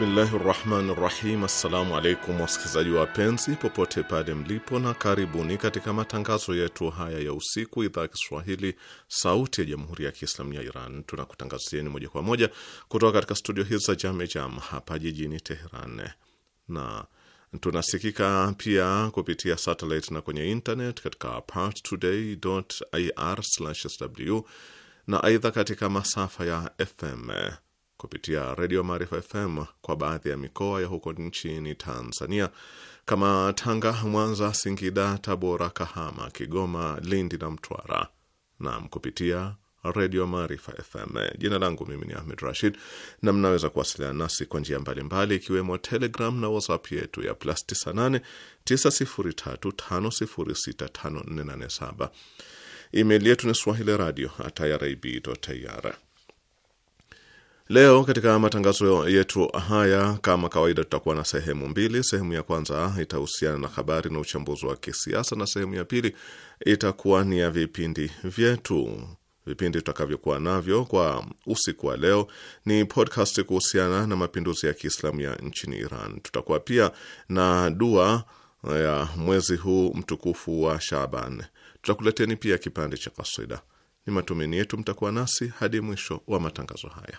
Bismillahi rahmani rahim. Assalamu alaikum wasikilizaji wapenzi popote pale mlipo, na karibuni katika matangazo yetu haya ya usiku, idhaa ya Kiswahili sauti ya jamhuri ya kiislamu ya Iran. Tunakutangazieni moja kwa moja kutoka katika studio hizi za Jamejam hapa jijini Teheran, na tunasikika pia kupitia satellite na kwenye internet katika parstoday.ir/sw na aidha katika masafa ya FM kupitia redio Maarifa FM kwa baadhi ya mikoa ya huko nchini Tanzania kama Tanga, Mwanza, Singida, Tabora, Kahama, Kigoma, Lindi na Mtwara, nam kupitia redio Maarifa FM. Jina langu mimi ni Ahmed Rashid, na mnaweza kuwasiliana nasi kwa njia mbalimbali, ikiwemo Telegram na WhatsApp yetu ya plus 98 9035065487. Email yetu ni swahili radio at Leo katika matangazo yetu haya, kama kawaida, tutakuwa na sehemu mbili. Sehemu ya kwanza itahusiana na habari na uchambuzi wa kisiasa, na sehemu ya pili itakuwa ni ya vipindi vyetu. Vipindi tutakavyokuwa navyo kwa usiku wa leo ni podcast kuhusiana na mapinduzi ya Kiislamu ya nchini Iran. Tutakuwa pia na dua eh, ya mwezi huu mtukufu wa shaban Tutakuleteni pia kipande cha kaswida Ni matumaini yetu mtakuwa nasi hadi mwisho wa matangazo haya.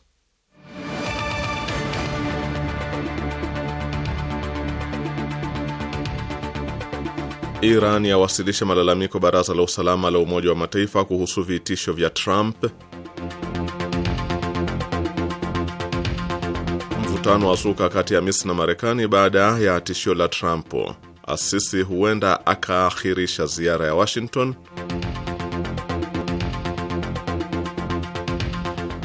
Iran yawasilisha malalamiko baraza la usalama la Umoja wa Mataifa kuhusu vitisho vya Trump. Mvutano wa zuka kati ya Misri na Marekani baada ya tishio la Trump. Asisi huenda akaakhirisha ziara ya Washington.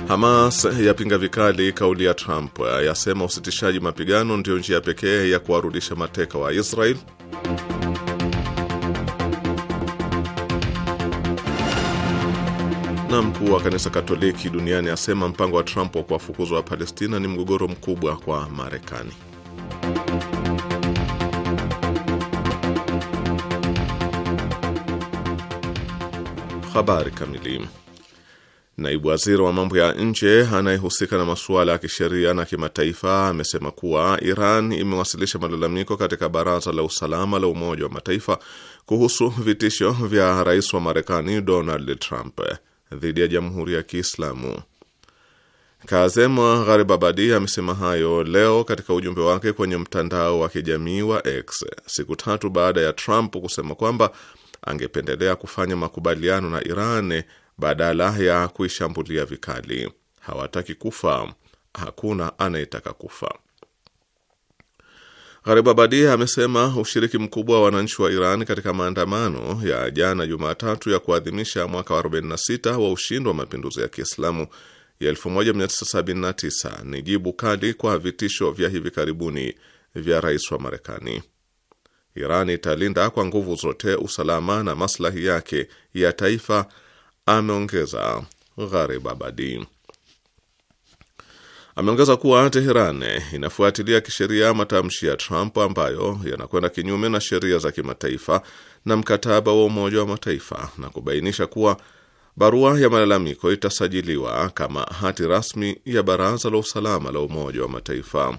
Hamas yapinga vikali kauli ya Trump, yasema usitishaji mapigano ndiyo njia pekee ya kuwarudisha mateka wa Israel. na mkuu wa kanisa Katoliki duniani asema mpango wa Trump wa kuwafukuzwa wa Palestina ni mgogoro mkubwa kwa Marekani. Habari kamili. Naibu waziri wa mambo ya nje anayehusika na masuala ya kisheria na kimataifa amesema kuwa Iran imewasilisha malalamiko katika Baraza la Usalama la Umoja wa Mataifa kuhusu vitisho vya rais wa Marekani Donald Trump dhidi ya Jamhuri ya Kiislamu. Kazem Gharibabadi amesema hayo leo katika ujumbe wake kwenye mtandao wa kijamii wa X siku tatu baada ya Trump kusema kwamba angependelea kufanya makubaliano na Iran badala ya kuishambulia vikali. Hawataki kufa, hakuna anayetaka kufa. Gharibabadi amesema ushiriki mkubwa wa wananchi wa Iran katika maandamano ya jana Jumatatu ya kuadhimisha mwaka wa 46 wa ushindi wa mapinduzi ya Kiislamu ya 1979 ni jibu kali kwa vitisho vya hivi karibuni vya rais wa Marekani. Iran italinda kwa nguvu zote usalama na maslahi yake ya taifa, ameongeza Gharibabadi. Ameongeza kuwa Teheran inafuatilia kisheria matamshi ya Trump ambayo yanakwenda kinyume na sheria za kimataifa na mkataba wa Umoja wa Mataifa na kubainisha kuwa barua ya malalamiko itasajiliwa kama hati rasmi ya Baraza la Usalama la Umoja wa Mataifa.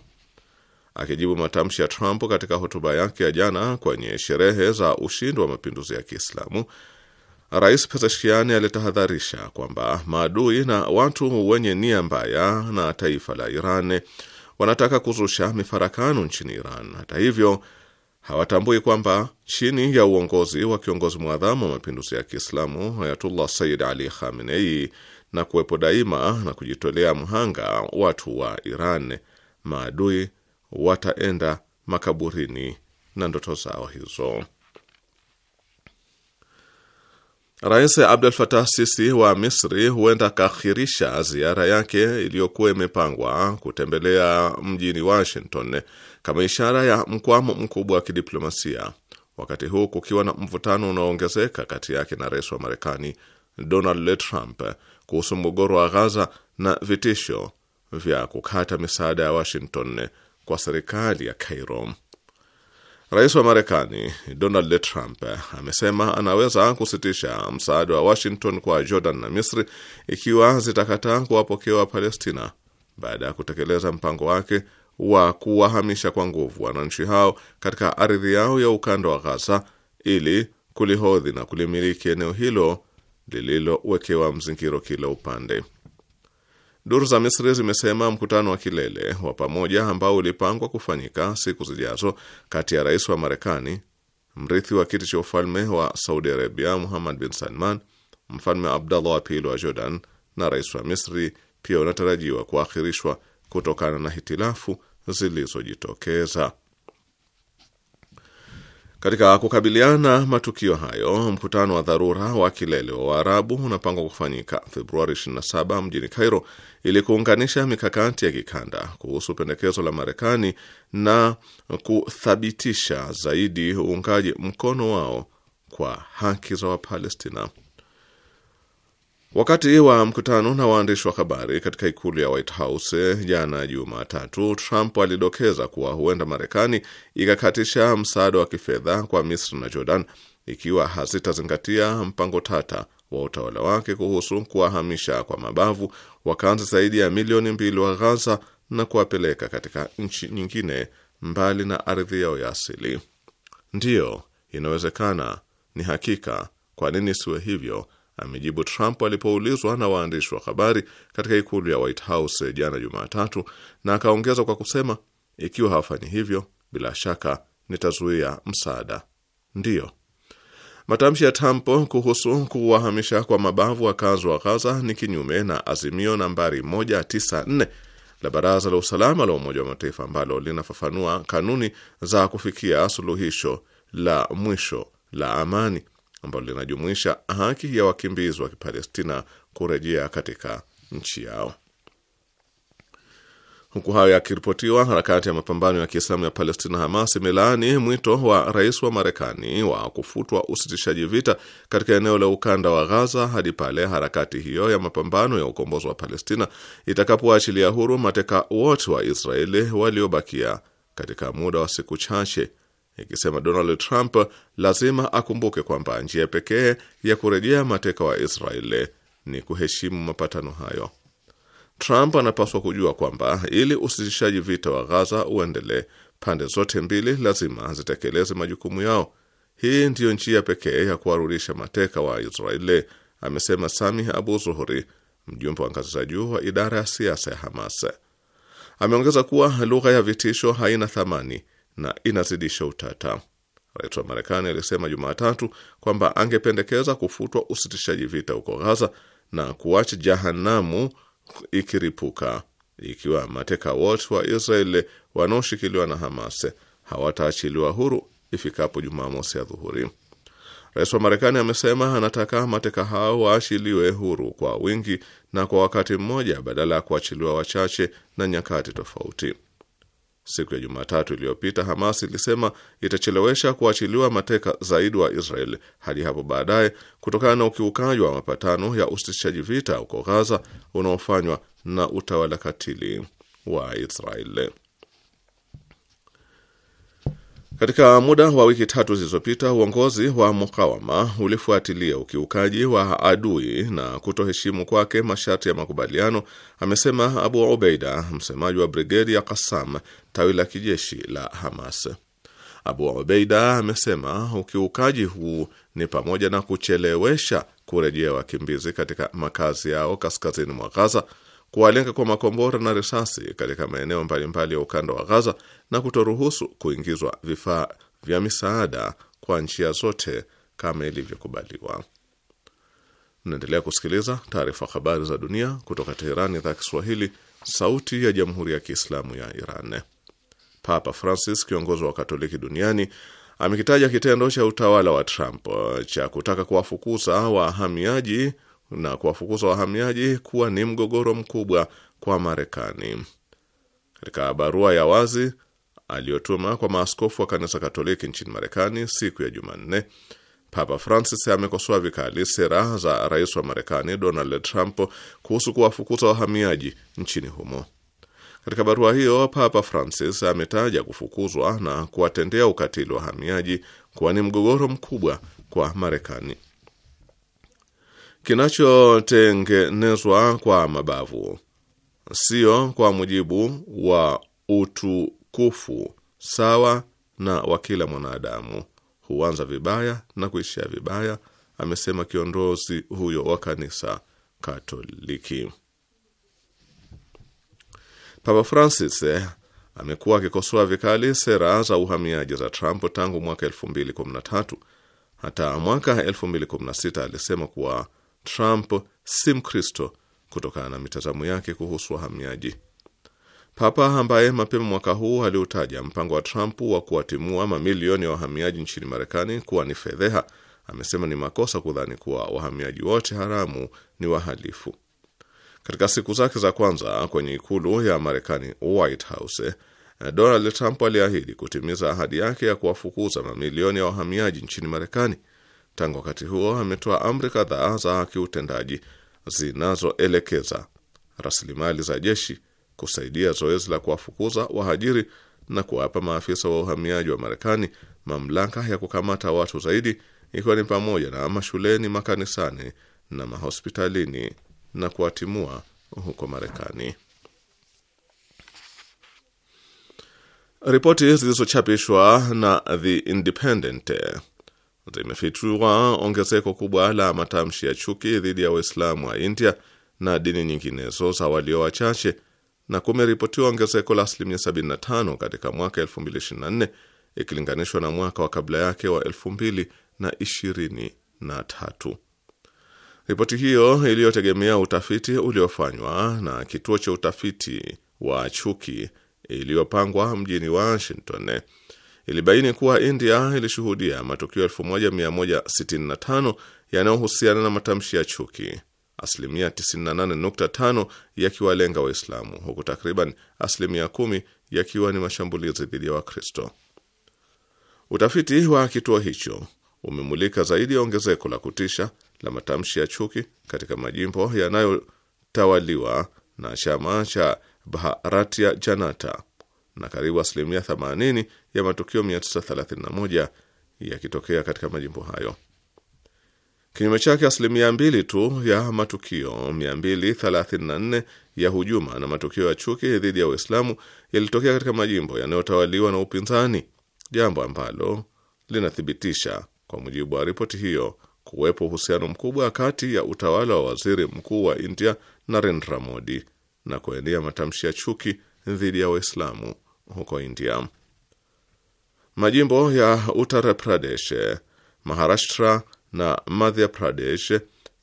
Akijibu matamshi ya Trump katika hotuba yake ya jana kwenye sherehe za ushindi wa mapinduzi ya Kiislamu, Rais Pezeshkiani alitahadharisha kwamba maadui na watu wenye nia mbaya na taifa la Iran wanataka kuzusha mifarakano nchini Iran. Hata hivyo, hawatambui kwamba chini ya uongozi wa kiongozi mwadhamu wa mapinduzi ya Kiislamu Ayatullah Sayyid Ali Khamenei na kuwepo daima na kujitolea mhanga watu wa Iran, maadui wataenda makaburini na ndoto zao hizo. Rais Abdel Fattah Sisi wa Misri huenda akaakhirisha ziara yake iliyokuwa imepangwa kutembelea mjini Washington kama ishara ya mkwamo mkubwa wa kidiplomasia, wakati huu kukiwa na mvutano unaoongezeka kati yake na rais wa Marekani Donald Trump kuhusu mgogoro wa Ghaza na vitisho vya kukata misaada ya Washington kwa serikali ya Cairo. Rais wa Marekani Donald Trump amesema anaweza kusitisha msaada wa Washington kwa Jordan na Misri ikiwa zitakataa kuwapokea Wapalestina baada ya kutekeleza mpango wake wa kuwahamisha kwa nguvu wananchi hao katika ardhi yao ya ukanda wa Ghaza ili kulihodhi na kulimiliki eneo hilo lililowekewa mzingiro kila upande. Duru za Misri zimesema mkutano wa kilele wa pamoja ambao ulipangwa kufanyika siku zijazo kati ya rais wa Marekani, mrithi wa kiti cha ufalme wa Saudi Arabia Muhammad bin Salman, mfalme Abdallah wa pili wa Jordan na rais wa Misri pia unatarajiwa kuakhirishwa kutokana na hitilafu zilizojitokeza. Katika kukabiliana matukio hayo, mkutano wa dharura wa kilele wa Waarabu unapangwa kufanyika Februari 27 mjini Cairo ili kuunganisha mikakati ya kikanda kuhusu pendekezo la Marekani na kuthabitisha zaidi uungaji mkono wao kwa haki za Wapalestina. Wakati wa mkutano na waandishi wa habari katika ikulu ya White House jana Jumatatu, Trump alidokeza kuwa huenda Marekani ikakatisha msaada wa kifedha kwa Misri na Jordan ikiwa hazitazingatia mpango tata wa utawala wake kuhusu kuwahamisha kwa mabavu wakazi zaidi ya milioni mbili wa Ghaza na kuwapeleka katika nchi nyingine mbali na ardhi yao ya asili. Ndiyo, inawezekana, ni hakika. Kwa nini siwe hivyo? amejibu Trump alipoulizwa na waandishi wa habari katika ikulu ya White House jana Jumatatu, na akaongeza kwa kusema, ikiwa hawafanyi hivyo, bila shaka nitazuia msaada. Ndiyo, matamshi ya Trump kuhusu kuwahamisha kwa mabavu wakazi wa Gaza ni kinyume na azimio nambari 194 la Baraza la Usalama la Umoja wa Mataifa ambalo linafafanua kanuni za kufikia suluhisho la mwisho la amani ambalo linajumuisha haki ya wakimbizi wa Kipalestina kurejea katika nchi yao. Huku hayo yakiripotiwa, harakati ya mapambano ya Kiislamu ya Palestina, Hamas, imelaani mwito wa rais wa Marekani wa kufutwa usitishaji vita katika eneo la ukanda wa Ghaza hadi pale harakati hiyo ya mapambano ya ukombozi wa Palestina itakapoachilia huru mateka wote wa Israeli waliobakia katika muda wa siku chache ikisema Donald Trump lazima akumbuke kwamba njia pekee ya kurejea mateka wa Israeli ni kuheshimu mapatano hayo. Trump anapaswa kujua kwamba ili usitishaji vita wa Gaza uendelee, pande zote mbili lazima zitekeleze majukumu yao. Hii ndiyo njia pekee ya kuwarudisha mateka wa Israeli, amesema Sami Abu Zuhuri, mjumbe wa ngazi za juu wa idara ya siasa ya Hamas. Ameongeza kuwa lugha ya vitisho haina thamani na inazidisha utata. Rais wa Marekani alisema Jumatatu kwamba angependekeza kufutwa usitishaji vita huko Ghaza na kuacha jahanamu ikiripuka ikiwa mateka wote wa Israeli wanaoshikiliwa na Hamas hawataachiliwa huru ifikapo Jumamosi ya dhuhuri. Rais wa Marekani amesema anataka mateka hao waachiliwe huru kwa wingi na kwa wakati mmoja badala ya kuachiliwa wachache na nyakati tofauti. Siku ya Jumatatu iliyopita Hamas ilisema itachelewesha kuachiliwa mateka zaidi wa Israel hadi hapo baadaye kutokana na ukiukaji wa mapatano ya usitishaji vita huko Ghaza unaofanywa na utawala katili wa Israel. Katika muda wa wiki tatu zilizopita, uongozi wa mukawama ulifuatilia ukiukaji wa adui na kutoheshimu kwake masharti ya makubaliano, amesema Abu Ubeida, msemaji wa brigedi ya Kasam, tawi la kijeshi la Hamas. Abu Ubeida amesema ukiukaji huu ni pamoja na kuchelewesha kurejea wakimbizi katika makazi yao kaskazini mwa Gaza kuwalenga kwa makombora na risasi katika maeneo mbalimbali ya ukanda wa Gaza na kutoruhusu kuingizwa vifaa vya misaada kwa njia zote kama ilivyokubaliwa. Naendelea kusikiliza taarifa habari za dunia kutoka Teheran, idhaa Kiswahili, sauti ya jamhuri ya kiislamu ya Iran. Papa Francis, kiongozi wa Katoliki duniani, amekitaja kitendo cha utawala wa Trump cha kutaka kuwafukuza wahamiaji na kuwafukuza wahamiaji kuwa ni mgogoro mkubwa kwa Marekani. Katika barua ya wazi aliyotuma kwa maaskofu wa kanisa Katoliki nchini Marekani siku ya Jumanne, Papa Francis amekosoa vikali sera za rais wa Marekani Donald Trump kuhusu kuwafukuza wahamiaji nchini humo. Katika barua hiyo, Papa Francis ametaja kufukuzwa na kuwatendea ukatili wahamiaji kuwa ni mgogoro mkubwa kwa Marekani kinachotengenezwa kwa mabavu, sio kwa mujibu wa utukufu sawa na wa kila mwanadamu, huanza vibaya na kuishia vibaya, amesema kiongozi huyo wa kanisa Katoliki. Papa Francis eh, amekuwa akikosoa vikali sera za uhamiaji za Trump tangu mwaka 2013. Hata mwaka 2016 alisema kuwa Trump si Mkristo kutokana na mitazamo yake kuhusu wahamiaji. Papa ambaye mapema mwaka huu aliutaja mpango wa Trump wa kuwatimua mamilioni ya wahamiaji nchini Marekani kuwa ni fedheha, amesema ni makosa kudhani kuwa wahamiaji wote haramu ni wahalifu. Katika siku zake za kwanza kwenye ikulu ya Marekani, White House, Donald Trump aliahidi kutimiza ahadi yake ya kuwafukuza mamilioni ya wahamiaji nchini Marekani Tangu wakati huo ametoa amri kadhaa za kiutendaji zinazoelekeza rasilimali za jeshi kusaidia zoezi la kuwafukuza wahajiri na kuwapa maafisa wa uhamiaji wa Marekani mamlaka ya kukamata watu zaidi, ikiwa ni pamoja na mashuleni, makanisani na mahospitalini na kuwatimua huko Marekani. Ripoti zilizochapishwa na The Independent zimefichua ongezeko kubwa la matamshi ya chuki dhidi ya Waislamu wa India na dini nyinginezo za walio wachache na kumeripotiwa ongezeko la asilimia 75 katika mwaka 2024 ikilinganishwa na mwaka wa kabla yake wa 2023. Ripoti hiyo iliyotegemea utafiti uliofanywa na kituo cha utafiti wa chuki iliyopangwa mjini Washington ilibaini kuwa India ilishuhudia matukio 1165 yanayohusiana na matamshi ya chuki, asilimia 98.5 yakiwalenga Waislamu, huku takriban asilimia 1 yakiwa ni mashambulizi dhidi ya Wakristo. Utafiti wa kituo hicho umemulika zaidi ya ongezeko la kutisha la matamshi ya chuki katika majimbo yanayotawaliwa na chama cha Bharatiya Janata na karibu asilimia 80 ya matukio 931 yakitokea katika majimbo hayo. Kinyume chake, asilimia mbili tu ya matukio 234 ya hujuma na matukio ya chuki dhidi ya Uislamu yalitokea katika majimbo yanayotawaliwa na upinzani, jambo ambalo linathibitisha kwa mujibu wa ripoti hiyo kuwepo uhusiano mkubwa kati ya utawala wa waziri mkuu wa India Narendra Modi na kuenea matamshi ya chuki dhidi ya Waislamu huko India. Majimbo ya Uttar Pradesh, Maharashtra na Madhya Pradesh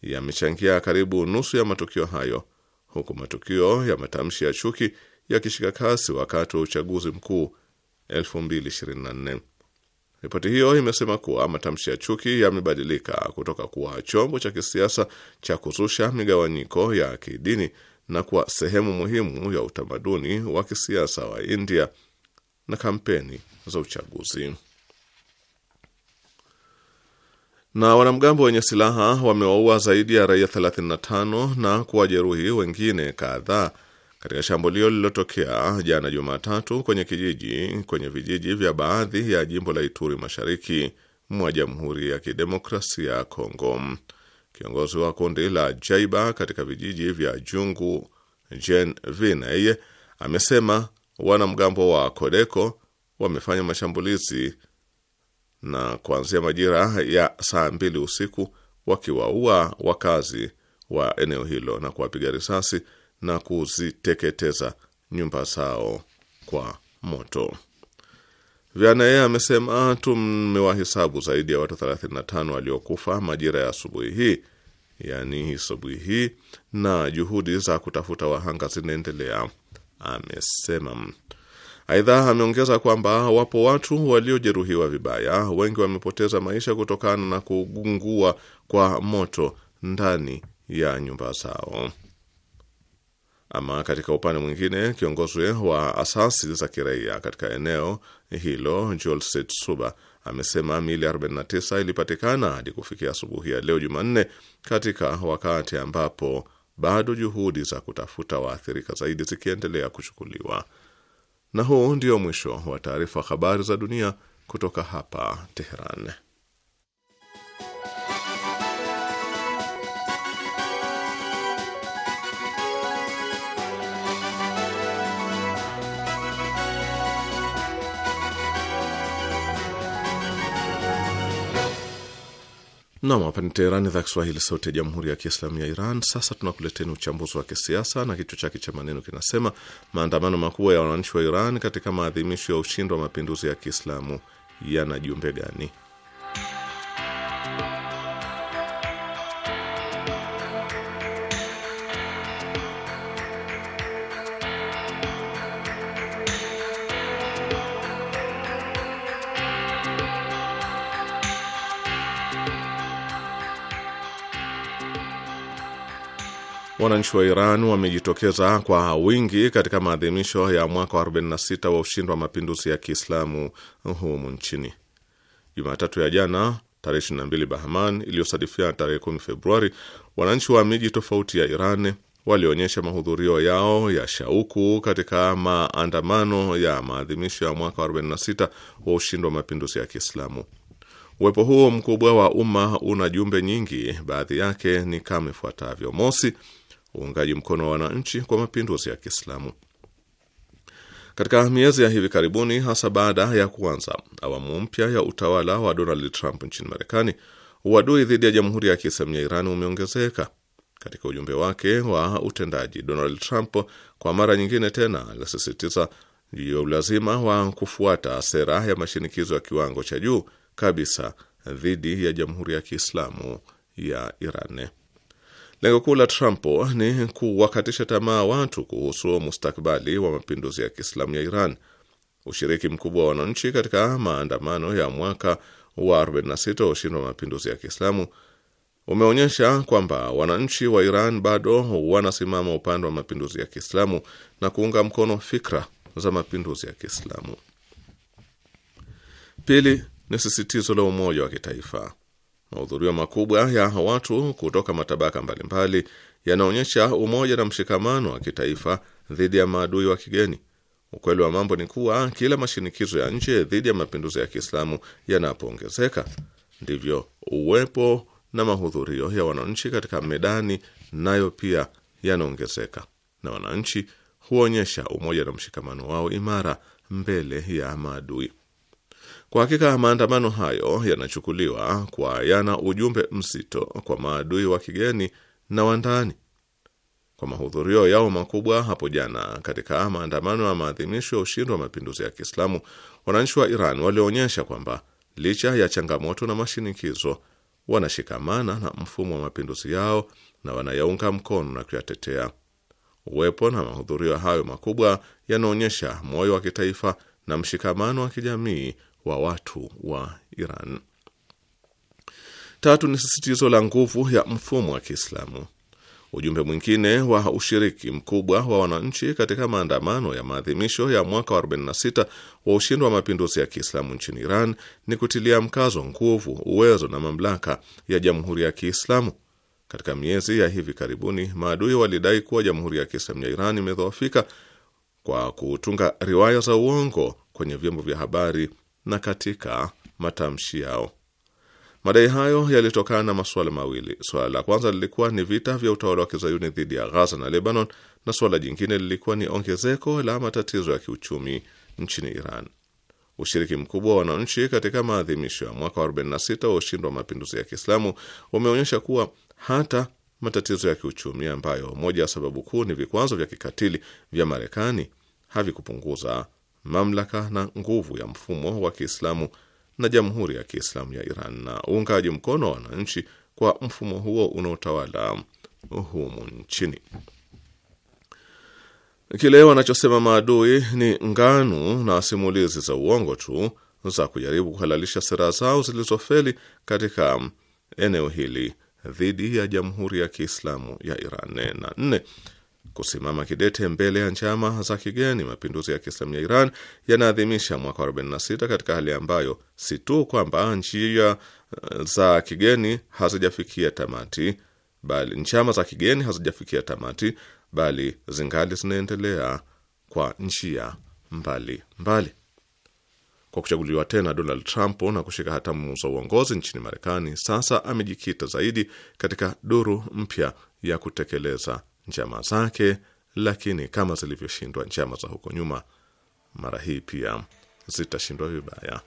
yamechangia karibu nusu ya matukio hayo, huku matukio ya matamshi ya chuki yakishika kasi wakati wa uchaguzi mkuu 2024. Ripoti hiyo imesema kuwa matamshi ya chuki yamebadilika kutoka kuwa chombo cha kisiasa cha kuzusha migawanyiko ya kidini na kuwa sehemu muhimu ya utamaduni wa kisiasa wa India na kampeni za uchaguzi. Na wanamgambo wenye silaha wamewaua zaidi ya raia 35 na kuwajeruhi wengine kadhaa katika shambulio lililotokea jana Jumatatu kwenye kijiji kwenye vijiji vya baadhi ya jimbo la Ituri mashariki mwa Jamhuri ya Kidemokrasia ya Kongo. Kiongozi wa kundi la Jaiba katika vijiji vya Jungu Jen Vinay amesema wanamgambo wa Kodeko wamefanya mashambulizi na kuanzia majira ya saa mbili usiku wakiwaua wakazi wa eneo hilo na kuwapiga risasi na kuziteketeza nyumba zao kwa moto. Vianaye amesema ah, tumewahesabu zaidi ya watu 35 waliokufa majira ya asubuhi hii, yani asubuhi hii, na juhudi za kutafuta wahanga zinaendelea, amesema. Aidha, ameongeza kwamba wapo watu waliojeruhiwa vibaya, wengi wamepoteza maisha kutokana na kugungua kwa moto ndani ya nyumba zao. Ama katika upande mwingine, kiongozi wa asasi za kiraia katika eneo hilo Jules Tsuba amesema mili 49 ilipatikana hadi kufikia asubuhi ya leo Jumanne, katika wakati ambapo bado juhudi za kutafuta waathirika zaidi zikiendelea kuchukuliwa. Na huu ndio mwisho wa taarifa habari za dunia kutoka hapa Teheran. Nam, hapa ni Teherani, idhaa Kiswahili, sauti ya jamhuri ya kiislamu ya Iran. Sasa tunakuleteni uchambuzi wa kisiasa na kichwa chake cha maneno kinasema: maandamano makubwa ya wananchi wa Iran katika maadhimisho ya ushindi wa mapinduzi ya Kiislamu yana jumbe gani? Wananchi wa Iran wamejitokeza kwa wingi katika maadhimisho ya mwaka wa 46 wa ushindi wa mapinduzi ya Kiislamu humu nchini. Jumatatu ya jana tarehe 22 Bahman iliyosadifiana tarehe 10 Februari, wananchi wa miji tofauti ya Iran walionyesha mahudhurio yao ya shauku katika maandamano ya maadhimisho ya mwaka wa 46 wa ushindi wa mapinduzi ya Kiislamu. Uwepo huo mkubwa wa umma una jumbe nyingi, baadhi yake ni kama ifuatavyo: mosi uungaji mkono wa wananchi kwa mapinduzi ya Kiislamu. Katika miezi ya hivi karibuni, hasa baada ya kuanza awamu mpya ya utawala wa Donald Trump nchini Marekani, uadui dhidi ya Jamhuri ya Kiislamu ya Iran umeongezeka. Katika ujumbe wake wa utendaji, Donald Trump kwa mara nyingine tena alisisitiza juu ya ulazima wa kufuata sera ya mashinikizo ya kiwango cha juu kabisa dhidi ya Jamhuri ya Kiislamu ya Iran. Lengo kuu la Trump ni kuwakatisha tamaa watu kuhusu mustakbali wa mapinduzi ya Kiislamu ya Iran. Ushiriki mkubwa wa wananchi katika maandamano ya mwaka wa 46 wa ushindi wa mapinduzi ya Kiislamu umeonyesha kwamba wananchi wa Iran bado wanasimama upande wa mapinduzi ya Kiislamu na kuunga mkono fikra za mapinduzi ya Kiislamu. Pili ni sisitizo la umoja wa kitaifa. Mahudhurio makubwa ya watu kutoka matabaka mbalimbali yanaonyesha umoja na mshikamano wa kitaifa dhidi ya maadui wa kigeni. Ukweli wa mambo ni kuwa kila mashinikizo ya nje dhidi ya mapinduzi ya Kiislamu yanapoongezeka, ndivyo uwepo na mahudhurio ya wananchi katika medani nayo pia yanaongezeka, na wananchi huonyesha umoja na mshikamano wao imara mbele ya maadui. Kwa hakika maandamano hayo yanachukuliwa kwa yana ujumbe mzito kwa maadui wa kigeni na wa ndani. Kwa mahudhurio yao makubwa hapo jana katika maandamano ya maadhimisho ya ushindi wa mapinduzi ya Kiislamu, wananchi wa Iran walionyesha kwamba licha ya changamoto na mashinikizo, wanashikamana na mfumo wa mapinduzi yao na wanayaunga mkono na kuyatetea. Uwepo na mahudhurio hayo makubwa yanaonyesha moyo wa kitaifa na mshikamano wa kijamii wa watu wa Iran. Tatu ni sisitizo la nguvu ya mfumo wa Kiislamu. Ujumbe mwingine wa ushiriki mkubwa wa wananchi katika maandamano ya maadhimisho ya mwaka wa 46 wa ushindi wa mapinduzi ya Kiislamu nchini Iran ni kutilia mkazo nguvu, uwezo na mamlaka ya Jamhuri ya Kiislamu. Katika miezi ya hivi karibuni, maadui walidai kuwa Jamhuri ya Kiislamu ya Iran imedhoofika kwa kutunga riwaya za uongo kwenye vyombo vya habari na katika matamshi yao. Madai hayo yalitokana na masuala mawili. Suala la kwanza lilikuwa ni vita vya utawala wa kizayuni dhidi ya Ghaza na Lebanon, na suala jingine lilikuwa ni ongezeko la matatizo ya kiuchumi nchini Iran. Ushiriki mkubwa wa wananchi katika maadhimisho ya mwaka 46 wa ushindi wa mapinduzi ya Kiislamu umeonyesha kuwa hata matatizo ya kiuchumi ambayo moja ya sababu kuu ni vikwazo vya kikatili vya Marekani havikupunguza mamlaka na nguvu ya mfumo wa Kiislamu na Jamhuri ya Kiislamu ya Iran na uungaji mkono wa wananchi kwa mfumo huo unaotawala humu nchini. Kile wanachosema maadui ni nganu na simulizi za uongo tu za kujaribu kuhalalisha sera zao zilizofeli katika eneo hili dhidi ya Jamhuri ya Kiislamu ya Iran. Na nne, kusimama kidete mbele ya njama za kigeni. Mapinduzi ya Kiislamu ya Iran yanaadhimisha mwaka 46 katika hali ambayo si tu kwamba njia eh, za kigeni hazijafikia tamati, bali njama za kigeni hazijafikia tamati, bali zingali zinaendelea kwa njia mbali mbali. Kwa kuchaguliwa tena Donald Trump na kushika hatamu za uongozi nchini Marekani, sasa amejikita zaidi katika duru mpya ya kutekeleza njama zake, lakini kama zilivyoshindwa njama za huko nyuma, mara hii pia zitashindwa vibaya.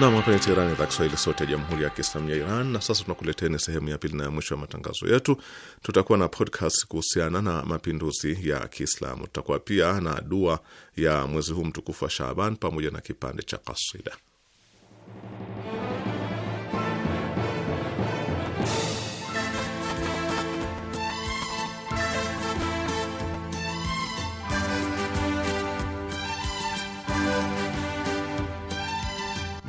Nam, hapa ni Teherani, idhaa Kiswahili sote ya jamhuri ya kiislamu ya Iran. Na sasa tunakuleteni sehemu ya pili na ya mwisho ya matangazo yetu. Tutakuwa na podcast kuhusiana na mapinduzi ya Kiislamu. Tutakuwa pia na dua ya mwezi huu mtukufu wa Shaaban pamoja na kipande cha kasida.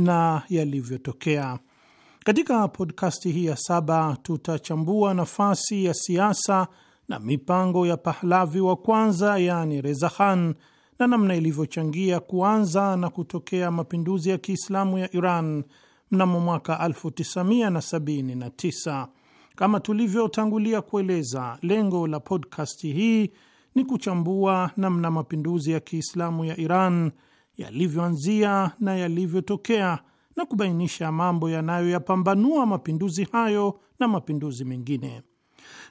na yalivyotokea. Katika podkasti hii ya saba tutachambua nafasi ya siasa na mipango ya Pahlavi wa kwanza, yaani Reza Khan, na namna ilivyochangia kuanza na kutokea mapinduzi ya Kiislamu ya Iran mnamo mwaka 1979. Kama tulivyotangulia kueleza, lengo la podkasti hii ni kuchambua namna mapinduzi ya Kiislamu ya Iran yalivyoanzia na yalivyotokea na kubainisha mambo yanayoyapambanua mapinduzi hayo na mapinduzi mengine.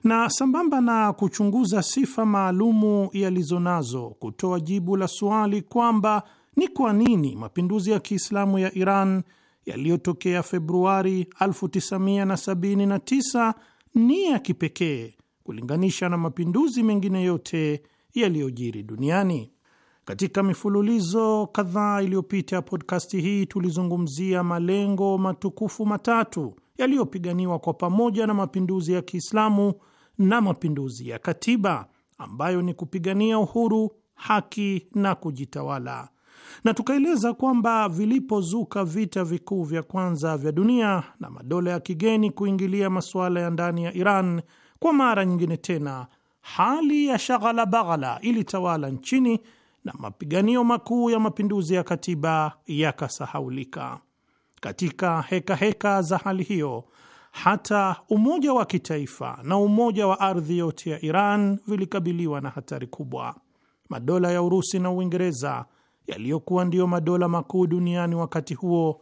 Na sambamba na kuchunguza sifa maalumu yalizo nazo, kutoa jibu la suali kwamba ni kwa nini mapinduzi ya Kiislamu ya Iran yaliyotokea Februari 1979 ni ya kipekee kulinganisha na mapinduzi mengine yote yaliyojiri duniani. Katika mifululizo kadhaa iliyopita ya podkasti hii tulizungumzia malengo matukufu matatu yaliyopiganiwa kwa pamoja na mapinduzi ya Kiislamu na mapinduzi ya katiba ambayo ni kupigania uhuru, haki na kujitawala, na tukaeleza kwamba vilipozuka vita vikuu vya kwanza vya dunia na madola ya kigeni kuingilia masuala ya ndani ya Iran, kwa mara nyingine tena hali ya shaghala baghala ilitawala nchini na mapiganio makuu ya mapinduzi ya katiba yakasahaulika. Katika hekaheka heka za hali hiyo, hata umoja wa kitaifa na umoja wa ardhi yote ya Iran vilikabiliwa na hatari kubwa. Madola ya Urusi na Uingereza yaliyokuwa ndiyo madola makuu duniani wakati huo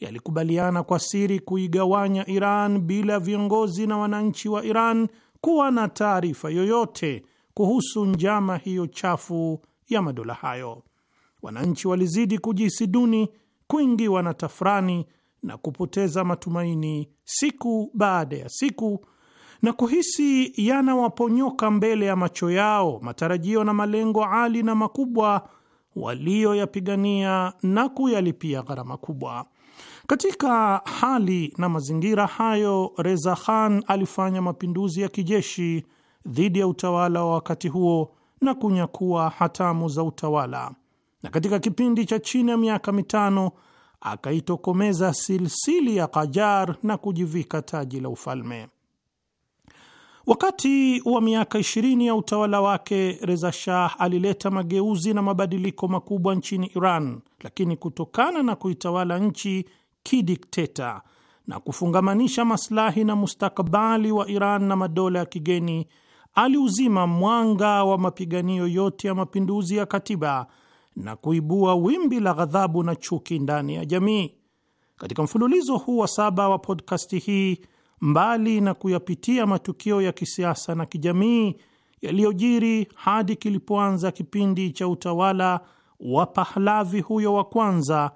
yalikubaliana kwa siri kuigawanya Iran bila viongozi na wananchi wa Iran kuwa na taarifa yoyote kuhusu njama hiyo chafu ya madola hayo. Wananchi walizidi kujihisi duni, kuingiwa na tafrani na kupoteza matumaini siku baada ya siku, na kuhisi yanawaponyoka mbele ya macho yao matarajio na malengo ali na makubwa waliyoyapigania na kuyalipia gharama kubwa. Katika hali na mazingira hayo, Reza Khan alifanya mapinduzi ya kijeshi dhidi ya utawala wa wakati huo na kunyakua hatamu za utawala, na katika kipindi cha chini ya miaka mitano akaitokomeza silsili ya Kajar na kujivika taji la ufalme. Wakati wa miaka ishirini ya utawala wake, Reza Shah alileta mageuzi na mabadiliko makubwa nchini Iran, lakini kutokana na kuitawala nchi kidikteta na kufungamanisha maslahi na mustakabali wa Iran na madola ya kigeni aliuzima mwanga wa mapiganio yote ya mapinduzi ya katiba na kuibua wimbi la ghadhabu na chuki ndani ya jamii. Katika mfululizo huu wa saba wa podkasti hii, mbali na kuyapitia matukio ya kisiasa na kijamii yaliyojiri hadi kilipoanza kipindi cha utawala wa Pahlavi huyo wa kwanza,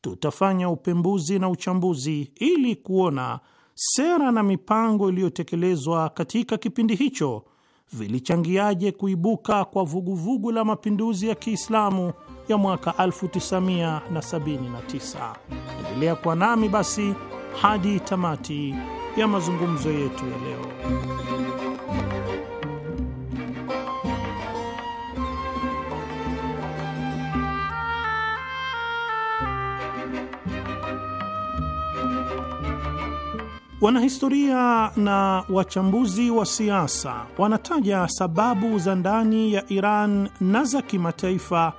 tutafanya upembuzi na uchambuzi ili kuona sera na mipango iliyotekelezwa katika kipindi hicho vilichangiaje kuibuka kwa vuguvugu vugu la mapinduzi ya Kiislamu ya mwaka 1979. Endelea kuwa nami basi hadi tamati ya mazungumzo yetu ya leo. Wanahistoria na wachambuzi wa siasa wanataja sababu za ndani ya Iran na za kimataifa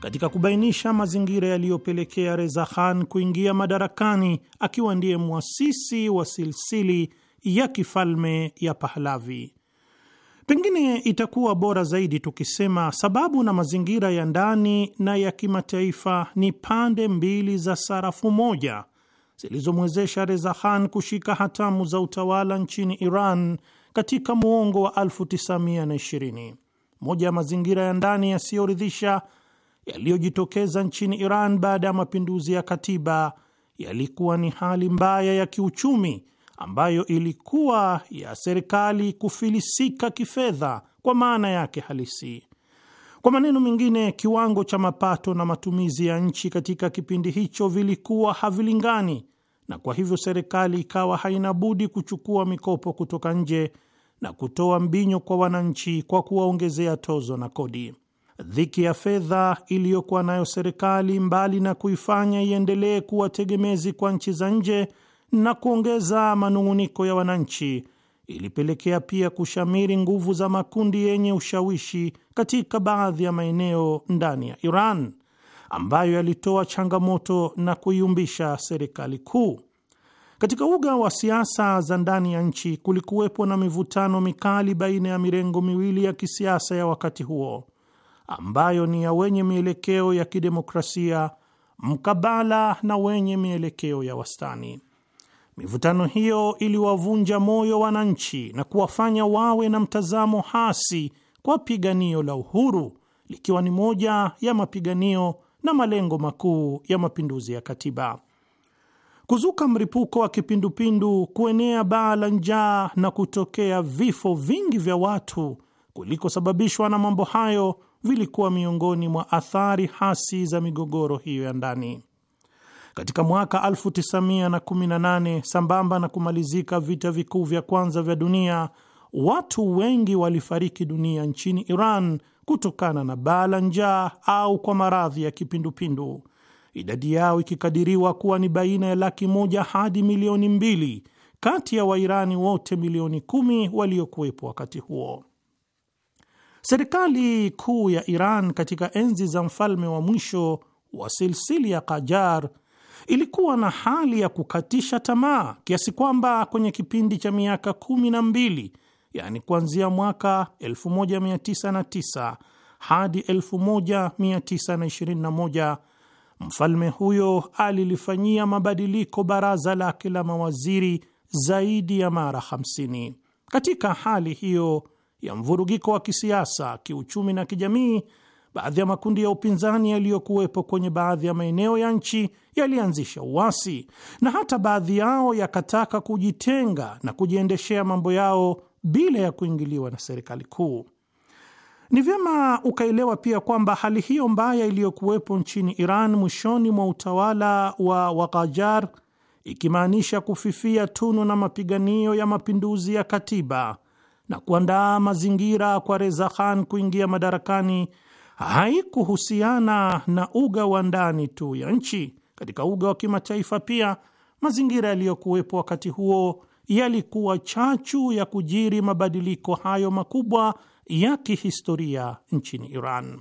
katika kubainisha mazingira yaliyopelekea Reza Khan kuingia madarakani akiwa ndiye mwasisi wa silsili ya kifalme ya Pahlavi. Pengine itakuwa bora zaidi tukisema sababu na mazingira ya ndani na ya kimataifa ni pande mbili za sarafu moja zilizomwezesha Reza Khan kushika hatamu za utawala nchini Iran katika muongo wa 1920. Moja ya mazingira ya ndani yasiyoridhisha yaliyojitokeza nchini Iran baada ya mapinduzi ya katiba yalikuwa ni hali mbaya ya kiuchumi ambayo ilikuwa ya serikali kufilisika kifedha kwa maana yake halisi. Kwa maneno mengine, kiwango cha mapato na matumizi ya nchi katika kipindi hicho vilikuwa havilingani, na kwa hivyo serikali ikawa haina budi kuchukua mikopo kutoka nje na kutoa mbinyo kwa wananchi kwa kuwaongezea tozo na kodi. Dhiki ya fedha iliyokuwa nayo serikali, mbali na kuifanya iendelee kuwa tegemezi kwa nchi za nje na kuongeza manung'uniko ya wananchi, ilipelekea pia kushamiri nguvu za makundi yenye ushawishi katika baadhi ya maeneo ndani ya Iran ambayo yalitoa changamoto na kuiumbisha serikali kuu. Katika uga wa siasa za ndani ya nchi, kulikuwepo na mivutano mikali baina ya mirengo miwili ya kisiasa ya wakati huo ambayo ni ya wenye mielekeo ya kidemokrasia mkabala na wenye mielekeo ya wastani. Mivutano hiyo iliwavunja moyo wananchi na kuwafanya wawe na mtazamo hasi kwa piganio la uhuru, likiwa ni moja ya mapiganio na malengo makuu ya mapinduzi ya katiba. Kuzuka mripuko wa kipindupindu, kuenea baa la njaa na kutokea vifo vingi vya watu kulikosababishwa na mambo hayo vilikuwa miongoni mwa athari hasi za migogoro hiyo ya ndani. Katika mwaka 1918 sambamba na kumalizika vita vikuu vya kwanza vya dunia, watu wengi walifariki dunia nchini Iran kutokana na baa la njaa au kwa maradhi ya kipindupindu, idadi yao ikikadiriwa kuwa ni baina ya laki moja hadi milioni mbili kati ya Wairani wote milioni kumi waliokuwepo wakati huo. Serikali kuu ya Iran katika enzi za mfalme wa mwisho wa silsili ya Kajar ilikuwa na hali ya kukatisha tamaa kiasi kwamba kwenye kipindi cha miaka kumi na mbili yaani kuanzia mwaka 1909 hadi 1921 mfalme huyo alilifanyia mabadiliko baraza lake la mawaziri zaidi ya mara 50. Katika hali hiyo ya mvurugiko wa kisiasa, kiuchumi na kijamii baadhi ya makundi ya upinzani yaliyokuwepo kwenye baadhi ya maeneo ya nchi yalianzisha uasi na hata baadhi yao yakataka kujitenga na kujiendeshea mambo yao bila ya kuingiliwa na serikali kuu. Ni vyema ukaelewa pia kwamba hali hiyo mbaya iliyokuwepo nchini Iran mwishoni mwa utawala wa Waqajar, ikimaanisha kufifia tunu na mapiganio ya mapinduzi ya katiba na kuandaa mazingira kwa Reza Khan kuingia madarakani haikuhusiana na uga wa ndani tu ya nchi. Katika uga wa kimataifa pia, mazingira yaliyokuwepo wakati huo yalikuwa chachu ya kujiri mabadiliko hayo makubwa ya kihistoria nchini Iran.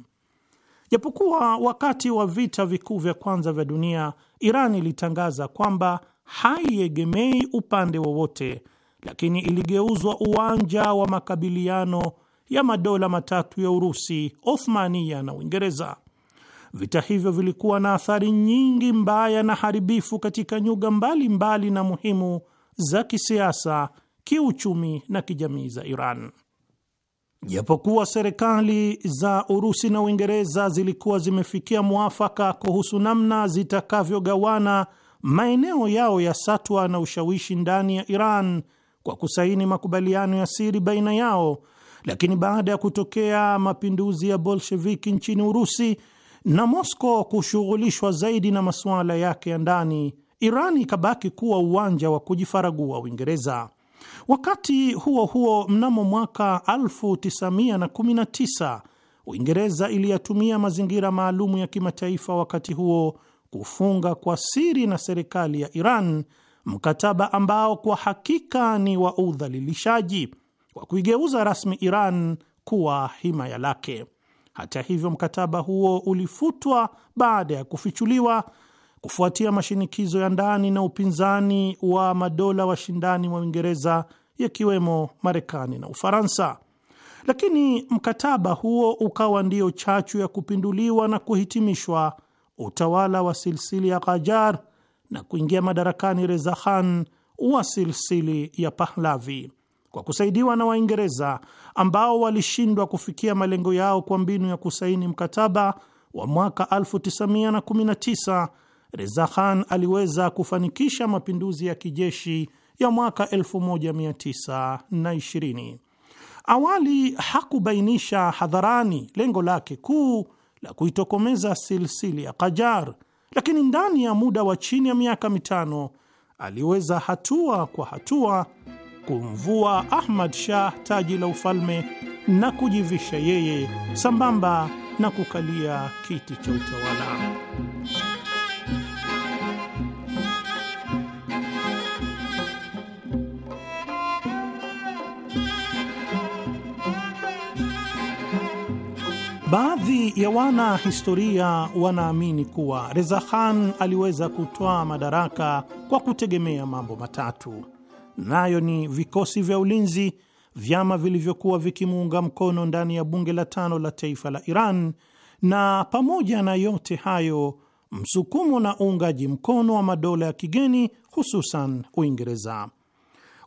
Japokuwa wakati wa vita vikuu vya kwanza vya dunia Iran ilitangaza kwamba haiegemei upande wowote, lakini iligeuzwa uwanja wa makabiliano ya madola matatu ya Urusi, Othmania na Uingereza. Vita hivyo vilikuwa na athari nyingi mbaya na haribifu katika nyuga mbalimbali mbali na muhimu za kisiasa, kiuchumi na kijamii za Iran. Japokuwa serikali za Urusi na Uingereza zilikuwa zimefikia mwafaka kuhusu namna zitakavyogawana maeneo yao ya satwa na ushawishi ndani ya Iran kwa kusaini makubaliano ya siri baina yao, lakini baada ya kutokea mapinduzi ya Bolsheviki nchini Urusi na mosko kushughulishwa zaidi na masuala yake ya ndani, Iran ikabaki kuwa uwanja wa kujifaragua Uingereza. Wakati huo huo, mnamo mwaka 1919 Uingereza iliyatumia mazingira maalumu ya kimataifa wakati huo kufunga kwa siri na serikali ya Iran mkataba ambao kwa hakika ni wa udhalilishaji kwa kuigeuza rasmi Iran kuwa himaya lake. Hata hivyo, mkataba huo ulifutwa baada ya kufichuliwa kufuatia mashinikizo ya ndani na upinzani wa madola washindani wa Uingereza yakiwemo Marekani na Ufaransa. Lakini mkataba huo ukawa ndio chachu ya kupinduliwa na kuhitimishwa utawala wa silsili ya ghajar na kuingia madarakani Reza Khan wa silsili ya Pahlavi kwa kusaidiwa na Waingereza ambao walishindwa kufikia malengo yao kwa mbinu ya kusaini mkataba wa mwaka 1919, Reza Khan aliweza kufanikisha mapinduzi ya kijeshi ya mwaka 1920. Awali hakubainisha hadharani lengo lake kuu la kuitokomeza silsili ya kajar lakini ndani ya muda wa chini ya miaka mitano aliweza hatua kwa hatua kumvua Ahmad Shah taji la ufalme na kujivisha yeye sambamba na kukalia kiti cha utawala. Baadhi ya wana historia wanaamini kuwa Reza Khan aliweza kutoa madaraka kwa kutegemea mambo matatu nayo ni vikosi vya ulinzi, vyama vilivyokuwa vikimuunga mkono ndani ya bunge la tano la taifa la Iran. Na pamoja na yote hayo, msukumo na uungaji mkono wa madola ya kigeni, hususan Uingereza.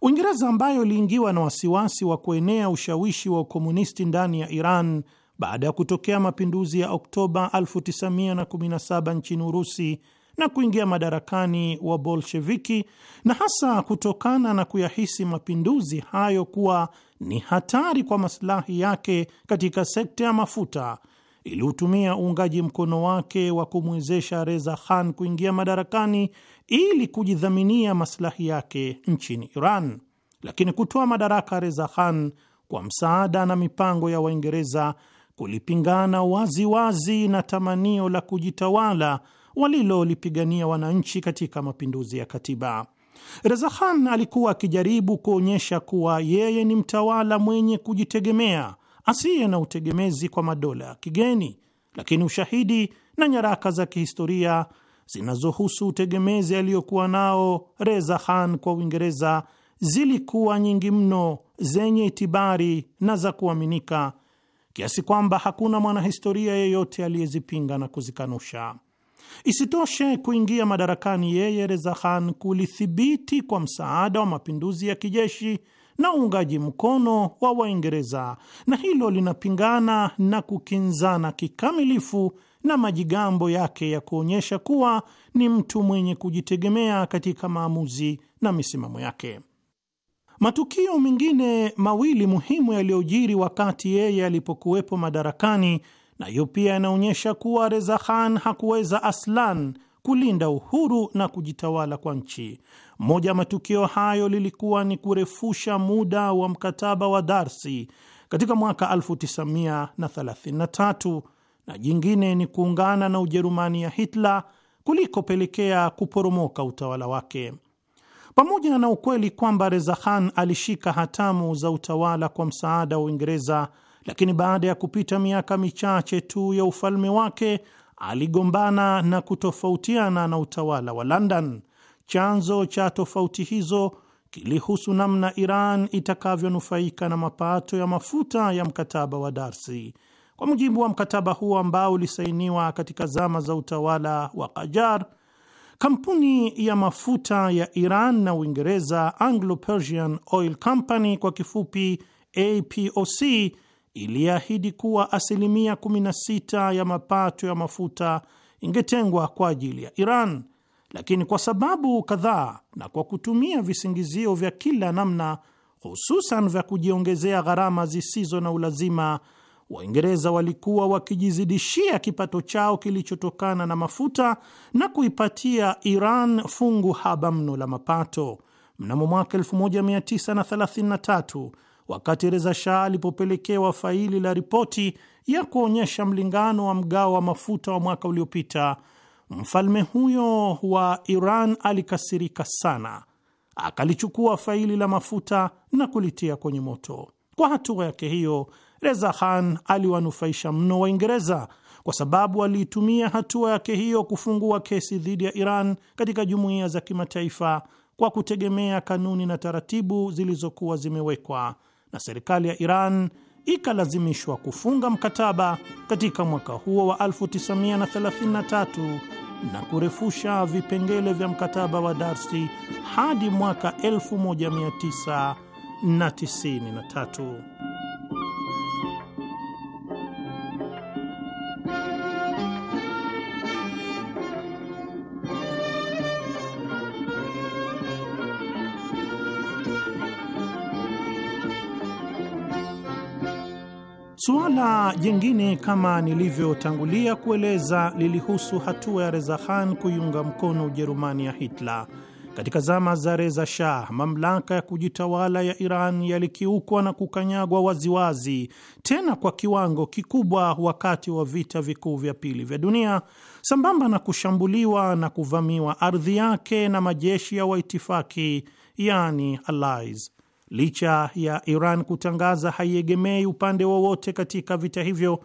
Uingereza ambayo iliingiwa na wasiwasi wa kuenea ushawishi wa ukomunisti ndani ya Iran baada ya kutokea mapinduzi ya Oktoba 1917 nchini Urusi na kuingia madarakani wa Bolsheviki, na hasa kutokana na kuyahisi mapinduzi hayo kuwa ni hatari kwa masilahi yake katika sekta ya mafuta, iliutumia uungaji mkono wake wa kumwezesha Reza Khan kuingia madarakani ili kujidhaminia masilahi yake nchini Iran. Lakini kutoa madaraka Reza Khan kwa msaada na mipango ya Waingereza kulipingana waziwazi wazi na tamanio la kujitawala walilolipigania wananchi katika mapinduzi ya katiba. Reza Khan alikuwa akijaribu kuonyesha kuwa yeye ni mtawala mwenye kujitegemea asiye na utegemezi kwa madola ya kigeni, lakini ushahidi na nyaraka za kihistoria zinazohusu utegemezi aliyokuwa nao Reza Khan kwa Uingereza zilikuwa nyingi mno, zenye itibari na za kuaminika kiasi kwamba hakuna mwanahistoria yeyote aliyezipinga na kuzikanusha. Isitoshe, kuingia madarakani yeye Reza Khan kulithibiti kwa msaada wa mapinduzi ya kijeshi na uungaji mkono wa Waingereza, na hilo linapingana na kukinzana kikamilifu na majigambo yake ya kuonyesha kuwa ni mtu mwenye kujitegemea katika maamuzi na misimamo yake. Matukio mengine mawili muhimu yaliyojiri wakati yeye alipokuwepo madarakani na hiyo pia inaonyesha kuwa Reza Khan hakuweza aslan kulinda uhuru na kujitawala kwa nchi. Moja ya matukio hayo lilikuwa ni kurefusha muda wa mkataba wa Darsi katika mwaka 1933 na jingine ni kuungana na Ujerumani ya Hitler kulikopelekea kuporomoka utawala wake. Pamoja na ukweli kwamba Reza Khan alishika hatamu za utawala kwa msaada wa Uingereza lakini baada ya kupita miaka michache tu ya ufalme wake aligombana na kutofautiana na utawala wa London. Chanzo cha tofauti hizo kilihusu namna Iran itakavyonufaika na mapato ya mafuta ya mkataba wa Darcy. Kwa mujibu wa mkataba huo ambao ulisainiwa katika zama za utawala wa Qajar, kampuni ya mafuta ya Iran na Uingereza, Anglo Persian Oil Company kwa kifupi APOC, iliahidi kuwa asilimia 16 ya mapato ya mafuta ingetengwa kwa ajili ya Iran, lakini kwa sababu kadhaa na kwa kutumia visingizio vya kila namna, hususan vya kujiongezea gharama zisizo na ulazima, Waingereza walikuwa wakijizidishia kipato chao kilichotokana na mafuta na kuipatia Iran fungu haba mno la mapato. Mnamo mwaka 1933 wakati Reza Shah alipopelekewa faili la ripoti ya kuonyesha mlingano wa mgao wa mafuta wa mwaka uliopita, mfalme huyo wa Iran alikasirika sana, akalichukua faili la mafuta na kulitia kwenye moto. Kwa hatua yake hiyo, Reza Khan aliwanufaisha mno Waingereza kwa sababu aliitumia hatua yake hiyo kufungua kesi dhidi ya Iran katika jumuiya za kimataifa kwa kutegemea kanuni na taratibu zilizokuwa zimewekwa na serikali ya Iran ikalazimishwa kufunga mkataba katika mwaka huo wa 1933 na kurefusha vipengele vya mkataba wa Darsi hadi mwaka 1993. Suala jingine kama nilivyotangulia kueleza lilihusu hatua ya Reza Khan kuiunga mkono Ujerumani ya Hitler. Katika zama za Reza Shah, mamlaka ya kujitawala ya Iran yalikiukwa na kukanyagwa waziwazi, tena kwa kiwango kikubwa, wakati wa vita vikuu vya pili vya dunia, sambamba na kushambuliwa na kuvamiwa ardhi yake na majeshi ya waitifaki, yani allies. Licha ya Iran kutangaza haiegemei upande wowote katika vita hivyo,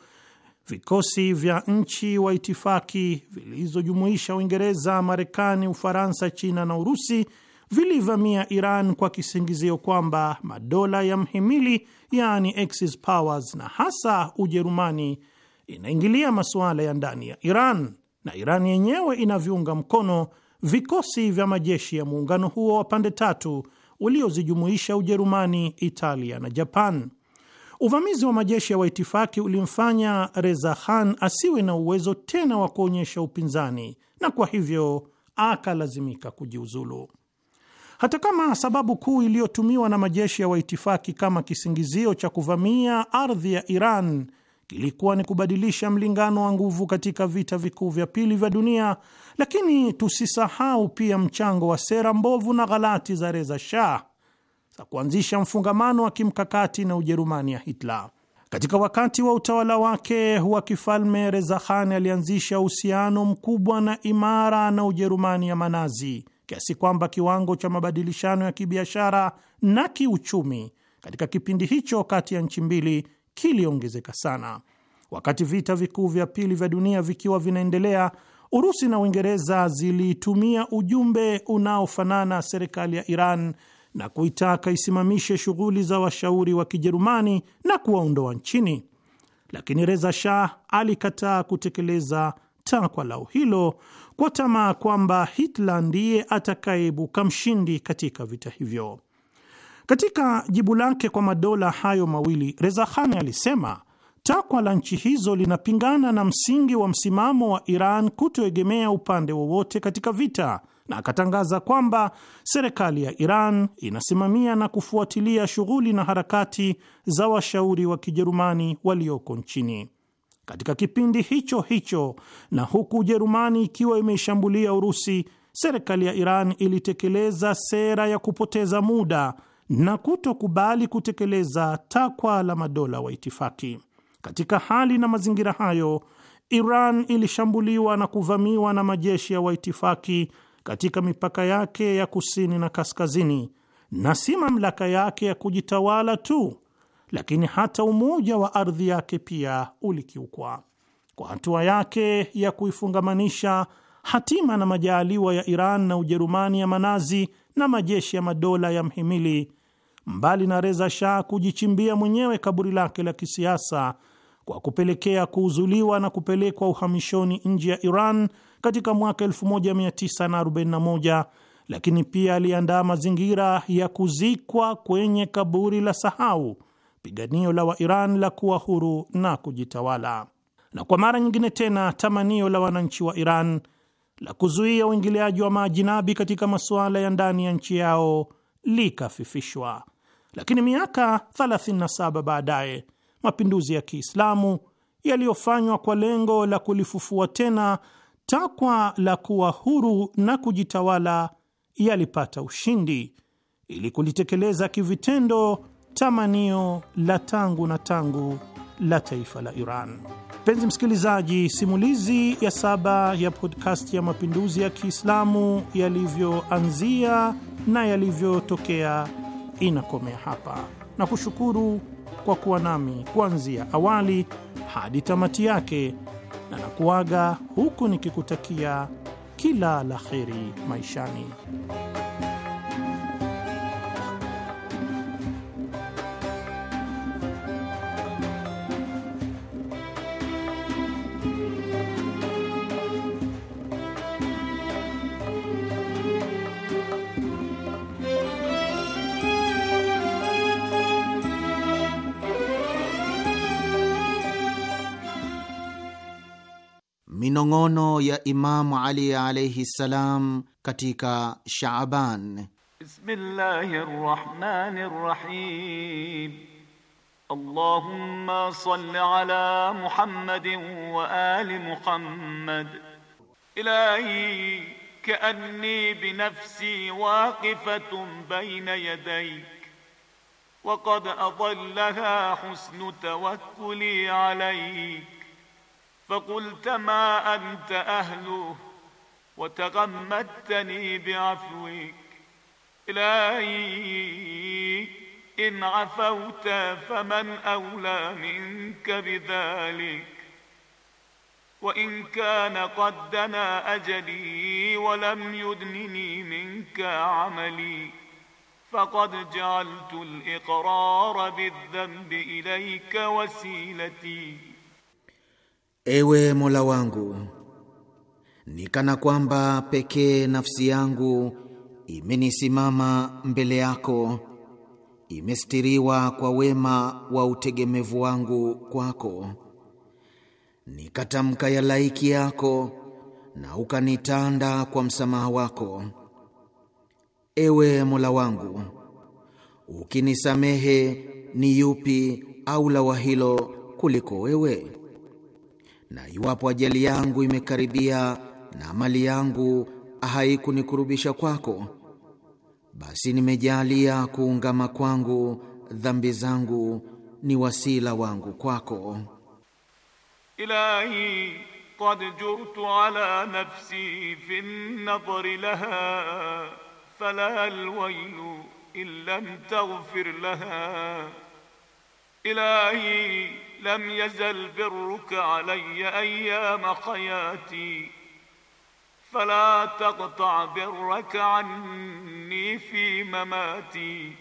vikosi vya nchi wa itifaki vilizojumuisha Uingereza, Marekani, Ufaransa, China na Urusi vilivamia Iran kwa kisingizio kwamba madola ya mhimili, yaani Axis powers, na hasa Ujerumani inaingilia masuala ya ndani ya Iran na Iran yenyewe inaviunga mkono vikosi vya majeshi ya muungano huo wa pande tatu uliozijumuisha Ujerumani, Italia na Japan. Uvamizi wa majeshi ya waitifaki ulimfanya Reza Khan asiwe na uwezo tena wa kuonyesha upinzani na kwa hivyo akalazimika kujiuzulu. Hata kama sababu kuu iliyotumiwa na majeshi ya waitifaki kama kisingizio cha kuvamia ardhi ya Iran kilikuwa ni kubadilisha mlingano wa nguvu katika vita vikuu vya pili vya dunia, lakini tusisahau pia mchango wa sera mbovu na ghalati za Reza Shah za kuanzisha mfungamano wa kimkakati na Ujerumani ya Hitler. Katika wakati wa utawala wake wa kifalme, Reza Khan alianzisha uhusiano mkubwa na imara na Ujerumani ya Manazi, kiasi kwamba kiwango cha mabadilishano ya kibiashara na kiuchumi katika kipindi hicho kati ya nchi mbili kiliongezeka sana. Wakati vita vikuu vya pili vya dunia vikiwa vinaendelea, Urusi na Uingereza ziliitumia ujumbe unaofanana serikali ya Iran na kuitaka isimamishe shughuli za washauri wa Kijerumani na kuwaondoa nchini, lakini Reza Shah alikataa kutekeleza takwa lao hilo kwa tamaa kwamba Hitler ndiye atakayeibuka mshindi katika vita hivyo. Katika jibu lake kwa madola hayo mawili, Reza Khan alisema takwa la nchi hizo linapingana na msingi wa msimamo wa Iran kutoegemea upande wowote katika vita, na akatangaza kwamba serikali ya Iran inasimamia na kufuatilia shughuli na harakati za washauri wa Kijerumani walioko nchini. Katika kipindi hicho hicho, na huku Ujerumani ikiwa imeishambulia Urusi, serikali ya Iran ilitekeleza sera ya kupoteza muda na kutokubali kutekeleza takwa la madola wa itifaki. Katika hali na mazingira hayo, Iran ilishambuliwa na kuvamiwa na majeshi ya waitifaki katika mipaka yake ya kusini na kaskazini, na si mamlaka yake ya kujitawala tu, lakini hata umoja wa ardhi yake pia ulikiukwa. Kwa hatua yake ya kuifungamanisha hatima na majaaliwa ya Iran na Ujerumani ya manazi na majeshi ya madola ya mhimili mbali na Reza Shah kujichimbia mwenyewe kaburi lake la kisiasa kwa kupelekea kuuzuliwa na kupelekwa uhamishoni nje ya Iran katika mwaka 1941, lakini pia aliandaa mazingira ya kuzikwa kwenye kaburi la sahau piganio la Wairan la kuwa huru na kujitawala, na kwa mara nyingine tena tamanio la wananchi wa Iran la kuzuia uingiliaji wa maajinabi katika masuala ya ndani ya nchi yao likafifishwa. Lakini miaka 37 baadaye mapinduzi ya Kiislamu yaliyofanywa kwa lengo la kulifufua tena takwa la kuwa huru na kujitawala yalipata ushindi ili kulitekeleza kivitendo tamanio la tangu na tangu la taifa la Iran. Mpenzi msikilizaji, simulizi ya saba ya podcast ya mapinduzi ya Kiislamu yalivyoanzia na yalivyotokea inakomea hapa na kushukuru kwa kuwa nami kuanzia awali hadi tamati yake, na nakuaga huku nikikutakia kila la heri maishani. minong'ono ya Imamu Ali alaihi ssalam katika Shaaban. Bismillahi rahmani rahim. Allahumma salli ala Muhammadin wa ali Muhammad. Ilahi kaanni binafsi waqifatun bayna yadayk وقد أضلها حسن توكلي عليك فقلت ما أنت أهله وتغمدتني بعفوك إلهي إن عفوت فمن أولى منك بذلك وإن كان قد دنا أجلي ولم يدنني منك عملي فقد جعلت الإقرار بالذنب إليك وسيلتي Ewe Mola wangu, nikana kwamba pekee nafsi yangu imenisimama mbele yako, imestiriwa kwa wema wa utegemevu wangu kwako, nikatamka ya laiki yako na ukanitanda kwa msamaha wako. Ewe Mola wangu, ukinisamehe ni yupi au la wa hilo kuliko wewe? na iwapo ajali yangu imekaribia na mali yangu haikunikurubisha kwako, basi nimejalia kuungama kwangu dhambi zangu ni wasila wangu kwako. Ilahi qad jurtu ala nafsi fi nadhri laha fala alwaylu illam taghfir laha ilahi لم يزل برك علي أيام حياتي فلا تقطع برك عني في مماتي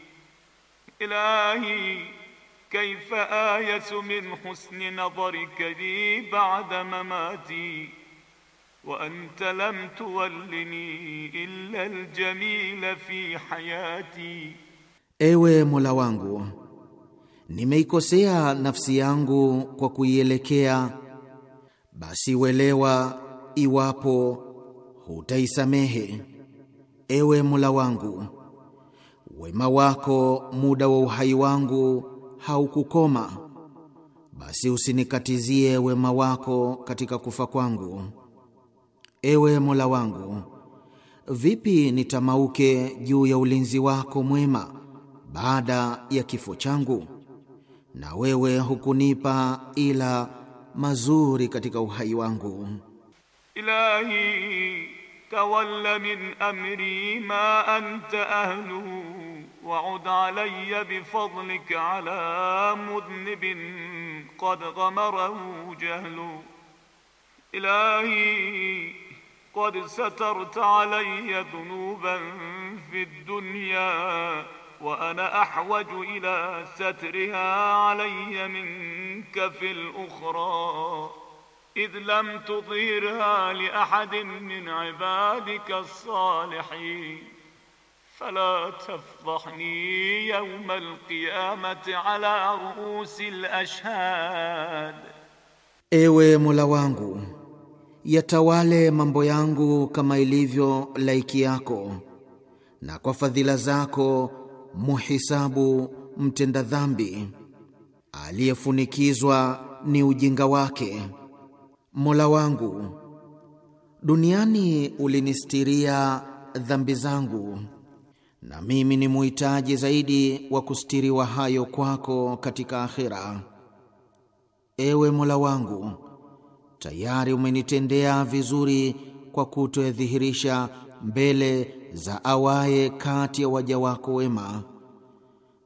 إلهي كيف آيس من حسن نظرك لي بعد مماتي وأنت لم تولني إلا الجميل في حياتي Ewe Mola wangu nimeikosea nafsi yangu kwa kuielekea, basi welewa iwapo hutaisamehe. Ewe Mola wangu, wema wako muda wa uhai wangu haukukoma, basi usinikatizie wema wako katika kufa kwangu. Ewe Mola wangu, vipi nitamauke juu ya ulinzi wako mwema baada ya kifo changu? na wewe hukunipa ila mazuri katika uhai wangu. Ilahi tawalla min amri ma anta ahlu wa ud alayya bi bifadlika ala mudnibin qad ghamarahu jahlu ilahi qad satarta alayya dhunuban fi dunya wa ana ahwaju ila satriha alayya minka fil ukhra idh lam tudhirha li ahadin min ibadika as-salihin fala tafdhahni yawma al-qiyamati ala ru'usi al-ashhad, Ewe Mola wangu yatawale mambo yangu kama ilivyo laiki yako na kwa fadhila zako muhisabu mtenda dhambi, aliyefunikizwa ni ujinga wake. Mola wangu, duniani ulinistiria dhambi zangu, na mimi ni muhitaji zaidi wa kustiriwa hayo kwako katika akhira. Ewe Mola wangu, tayari umenitendea vizuri kwa kutoyadhihirisha mbele za awaye kati ya waja wako wema,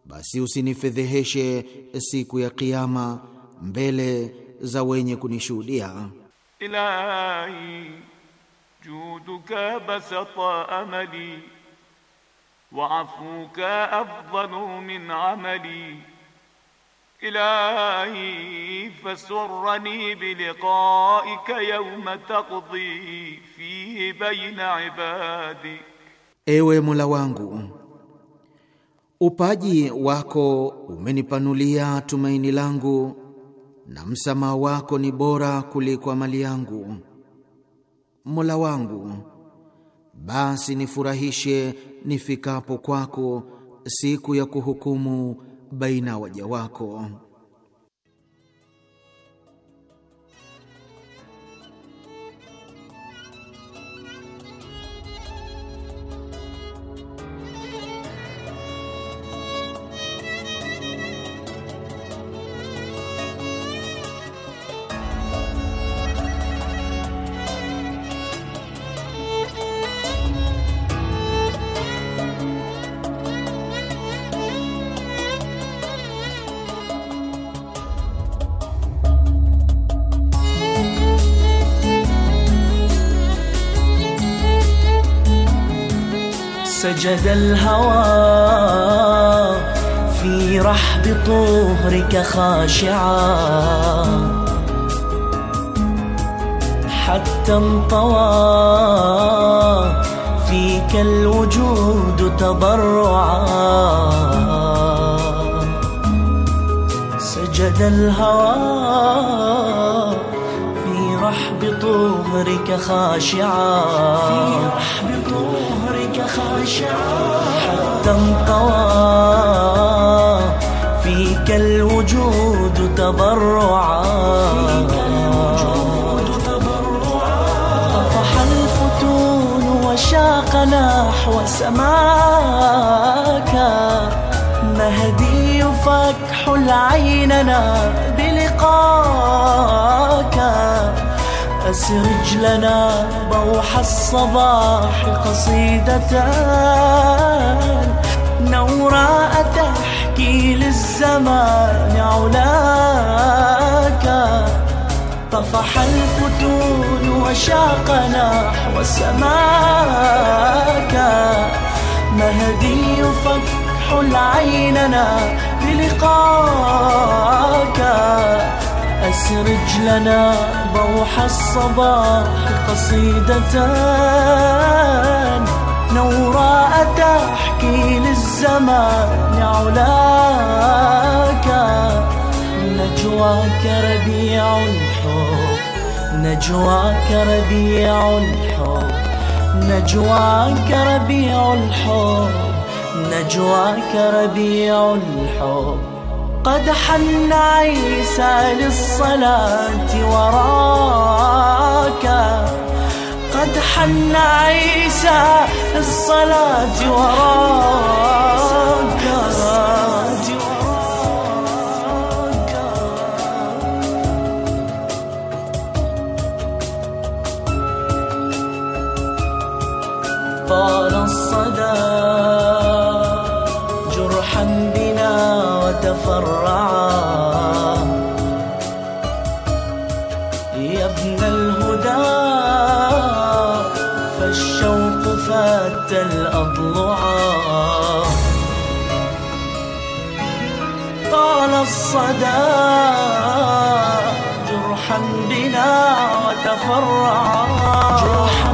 basi usinifedheheshe siku ya Kiyama mbele za wenye kunishuhudia. Ilahi juduka basata amali wa afuka afdalu min amali Ilahi fasurrani biliqaika yawma taqdi fihi bayna ibadi Ewe Mola wangu, upaji wako umenipanulia tumaini langu, na msamaha wako ni bora kuliko mali yangu. Mola wangu, basi nifurahishe nifikapo kwako siku ya kuhukumu baina waja wako. سجد الهوى في رحب طهرك خاشعا حتى انطوى فيك الوجود تضرعا سجد الهوى في رحب طهرك خاشعا في رحب طهرك حتى انطوى فيك الوجود تضرعا طفح الفتون وشاق نحو سماك مهدي فكح العين بلقاك أسرج رجلنا بوح الصباح قصيدتان نوراء تحكي للزمان علاك طفح الفتون وشاق نحو سماك مهدي فتح العيننا بلقاك أسرج لنا ضوح الصباح قصيدتان نوراء تحكي للزمان علاك نجواك ربيع الحب نجواك ربيع الحب نجواك ربيع الحب نجواك ربيع الحب قد حن عيسى للصلاة وراك قد حن عيسى للصلاة وراك طال الصدى مفرعة يا ابن الهدى فالشوق فات الاضلعا طال الصدى جرحا بنا وتفرعا جرحا